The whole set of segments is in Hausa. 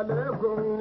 alaikum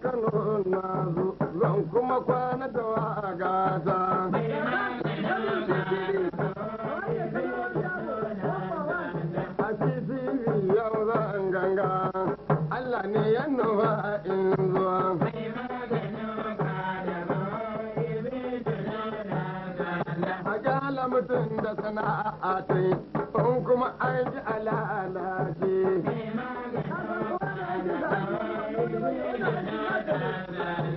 kano na zo zan kuma kwana da wa waga ta a titi yau zan ganga allah ne yan nufa in zuwa a gyala mutum da sana'a ta yi kuma an ji alalace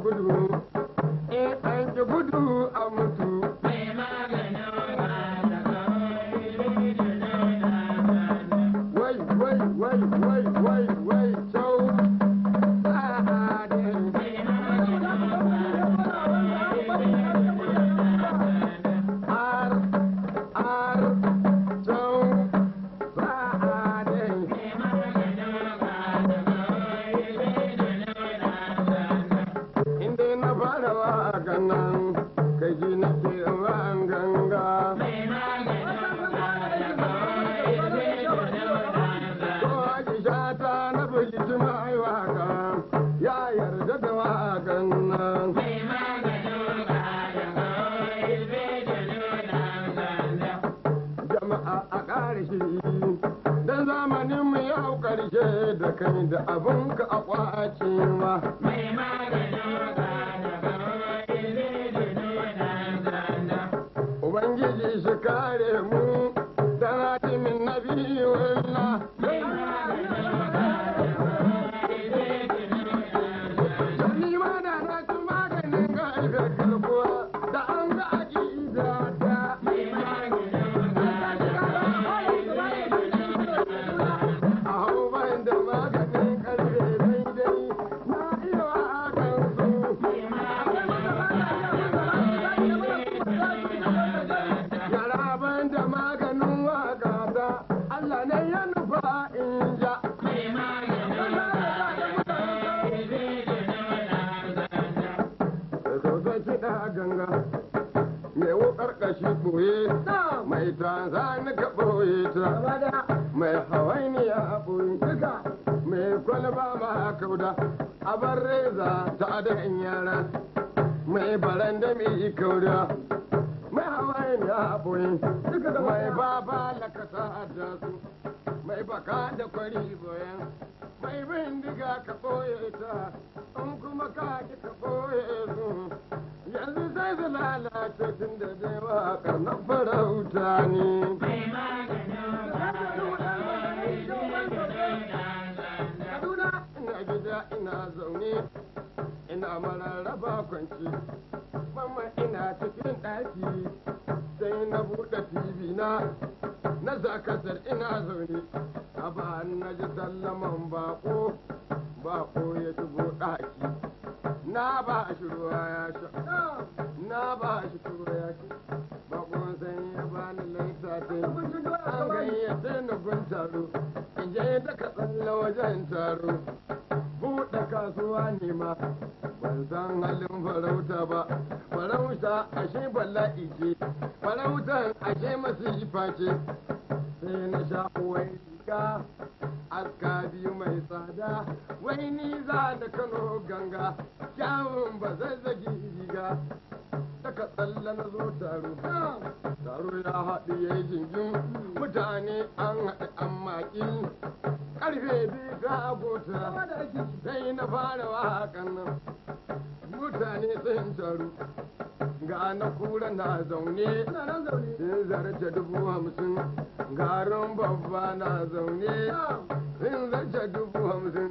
とい kai da abin ka a kwace ma wuta mai hawainiya buntuka mai kwalba ma kauda a bar reza ta adan yara mai baranda mai kauda mai hawainiya buntuka mai baba lakasa a dasu mai baka da kwari bayan mai bindiga ka ɓoye ta in kuma ka ka ɓoye su yanzu sai su lalace tun da dai wakar na farauta ne ina gida ina zaune ina mararraba kwanci mama ina cikin ɗaki sai na buɗe tv na na zakasar ina zaune a ba na ji sallaman bako bako ya shigo ɗaki na ba shi ruwa ya sha na ba shi tura ya ci bakon ya ba ni an gayyace ni gun taro in je da ka tsalla wajen taro buɗe kasuwa ne ma ban san halin farauta ba farauta ashe bala'i ce farautan ashe masifa ce sai na sha uwai aska aska biyu mai tsada wai ni za da kano ganga kyawun ba zai zagi riga daga tsalla na zo taro taro ya haɗu ya yi jingin mutane an haɗu an maƙi karfe biyu ga abota sai na fara waƙan nan mutane sun taru na kura na zaune sun zarce dubu hamsin garin babba na zaune sun zarce dubu hamsin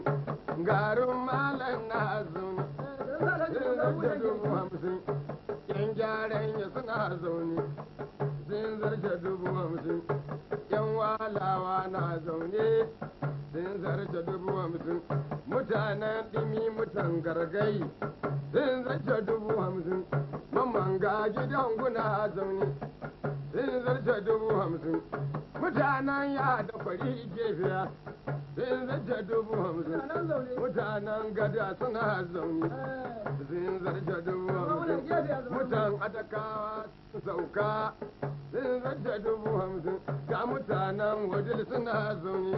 garin malam na zaune sun zarce dubu hamsin yan gyaran ya suna zaune sun zarce dubu hamsin yan walawa na zaune sun zarce dubu hamsin mutanen dimi mutan gargai sun zarce dubu hamsin mamman ga gidan guna zaune sun zarta dubu hamsin mutanen ya da fari gefiya sun zarta dubu hamsin mutanen gada suna zaune sun zarta dubu hamsin mutan adakawa sauka sun zarta dubu hamsin ga mutanen wajen suna zaune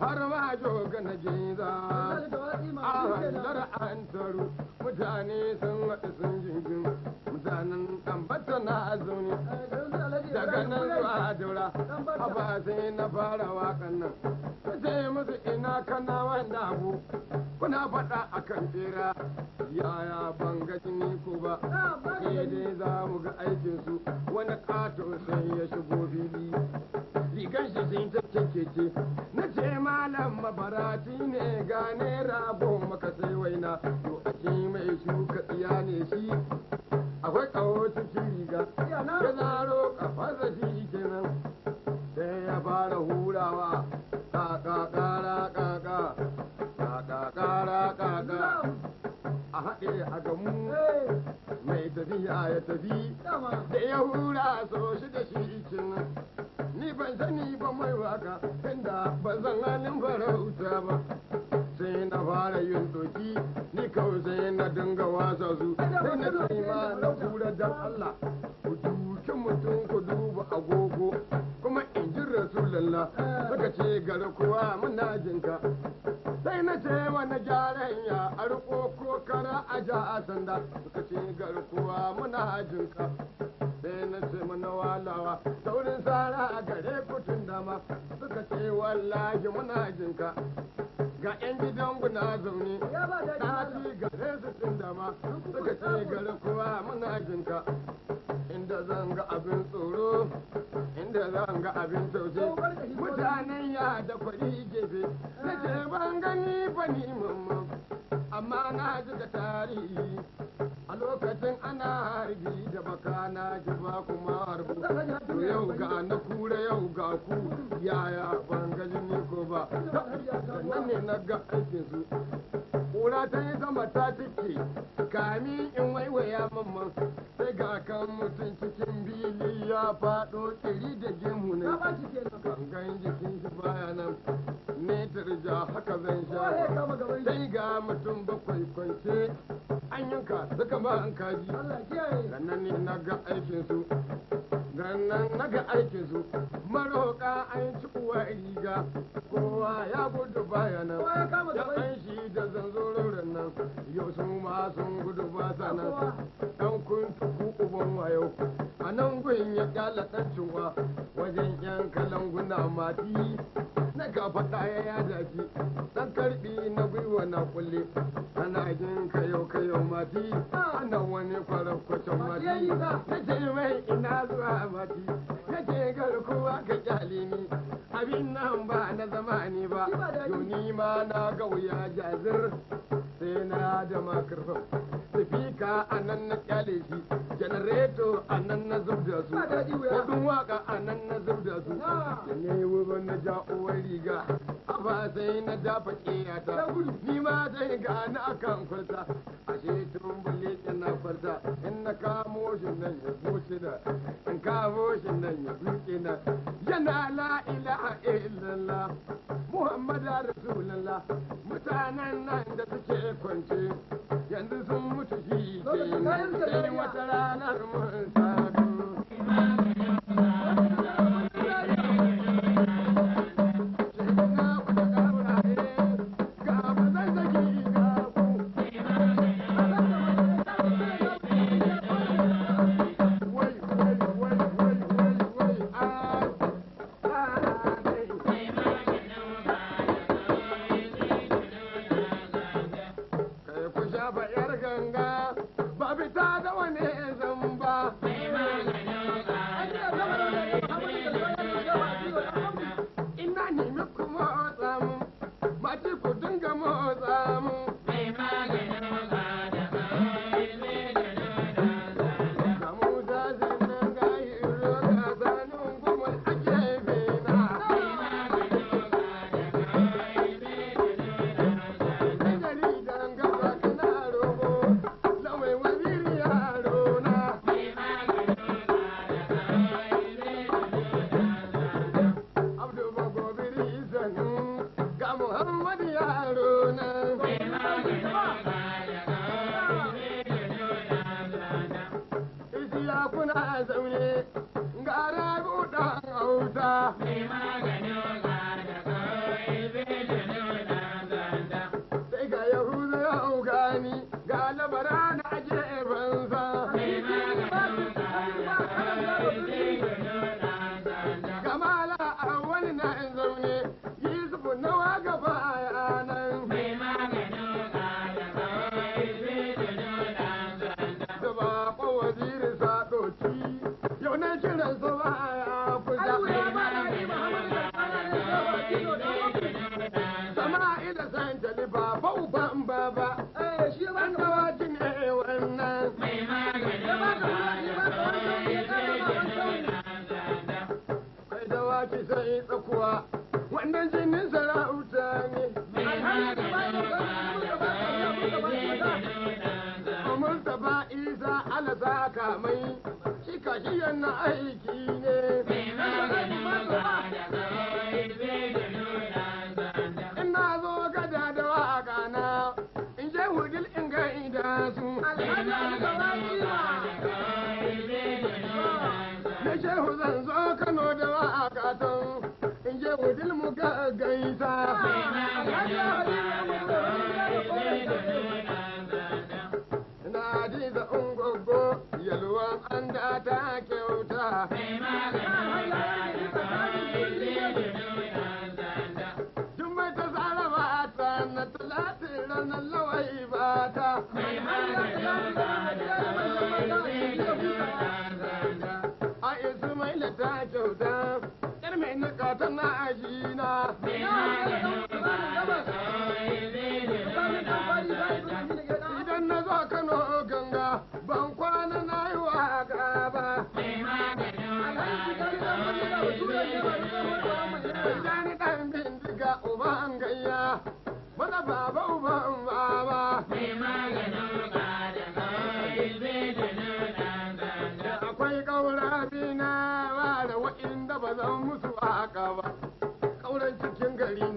har ma joga na jinzawa a hanzar an taru mutane sun haɗu sun jingin mutanen tambata na azumi daga nan zuwa jura a ba sai na fara wakan nan sai musu ina kana wanda abu kuna faɗa a kan tsira yaya ban ga jini ku ba sai dai za mu ga aikin su wani ƙato sai ya shigo fili rigar shi sun tattake ce na ce malam mabarati ne gane rabo maka sai waina to a mai shuka tsiya ne shi akwai kawo cikin riga ya zaro kafarsa shi kenan sai ya fara hurawa kakakara kaka kakakara kaka a haɗe a gamu mai tafiya ya tafi da ya hura so shi da shi do something. ga abin tausayi mutanen ya da kwari gefe na ce ban gani ba ni mamma, amma na ji da tarihi a lokacin ana harbi da baka na ji ba kuma harbu to yau ga na kura yau ga ku yaya ban gani ni ko ba nan ne na ga aikin su kura ta yi zama ta cike kami in waiwaya mamman sai ga kan mutum cikin biyu ya faɗo tsiri da gemu ne gangan jikin shi baya nan metar ja haka zan sha sai ga mutum bakwai kwance an yanka suka ba an kaji gannan ne na ga aikinsu gannan na ga aikinsu maroka an ci kuwa riga kowa ya gudu baya nan ya an shi da zanzororin nan yau su ma sun gudu ba sa nan ɗan kun tuku uban wayo nan gun ya kyala tsancewa wajen yan kalanguna mati na gafata ya yada shi dan karbi na gwiwa na kulle ana jin kayo kayo mati ana wani kwarar kwacin mati na je mai ina zuwa mati na je garkuwa ga kyale abin nan ba na zamani ba yoni ma na ga wuya jazir sai na da makarfin sifika a nan na kyale shi janareto a nan na zub da su kudin waka a nan na zub da su da ne wuban na ja uwar riga a ba sai na dafa kiyata ni ma zai ga na akan kwalta ashe tun bulle na kwalta in na kamo shi nan ya zuci da in kamo shi nan ya zuci na yana la ilaha illallah Muhammadu Rasulullah mutanen nan da suke kwance yanzu sun mutu shi ke wata ranar mun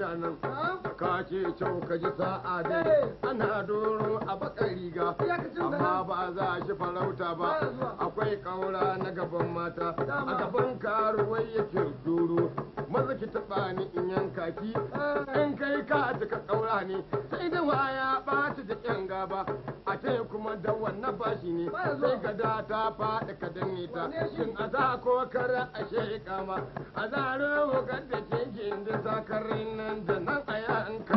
I know. ce can ka ji sa'a eh. ana doron a bakar riga amma ba za shi farauta ba akwai kaura na gaban mata a gaban karuwai yake doro maza ki taba ni in yanka ki eh. in kai ka ka kaura ne sai da waya ba ta da yan gaba a ce kuma da wannan bashi ne sai da ta faɗi ka danne ta shin a za ko kara a shekama a zaro wukar da ke gindin zakarin nan da nan a yanka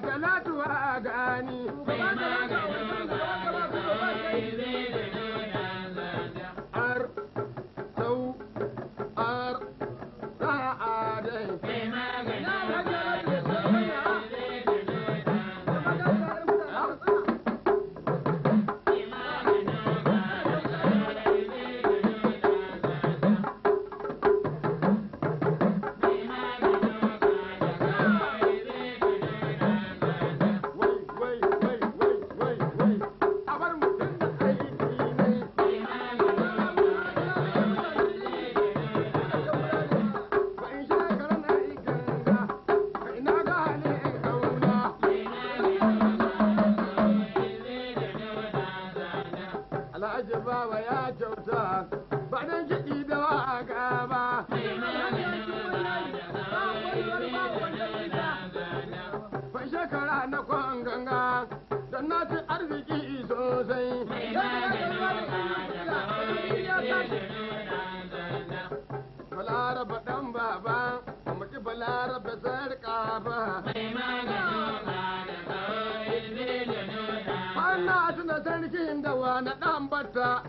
talatu a gani. shekara na kwan ganga don na ci arziki sosai balaraba dan baba mutu balaraba zarka ba ana tuna sarkin da wa na dan bata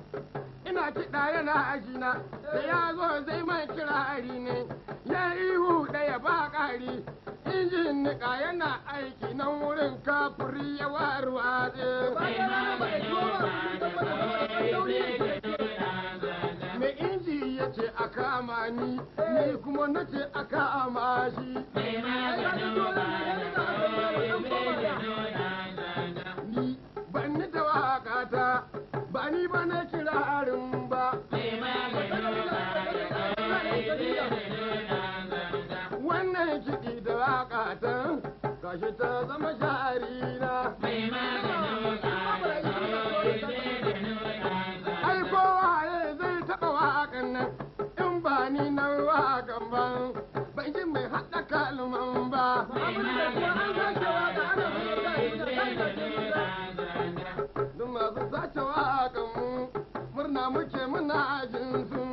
yana kiɗa yana ajina da ya zo zai man kirari ne ya ihu ɗaya ba ƙari injin niƙa yana aiki nan wurin kafuri ya waru a Me inji ya ce a kama ni, kuma na ce a kama tashi ta zama sharina mai maganin zai taɓa waƙan nan na waƙan ba ban mai haɗa kalman ba duk masu sace waƙan mu murna muke muna jinsu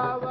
ಭಾವ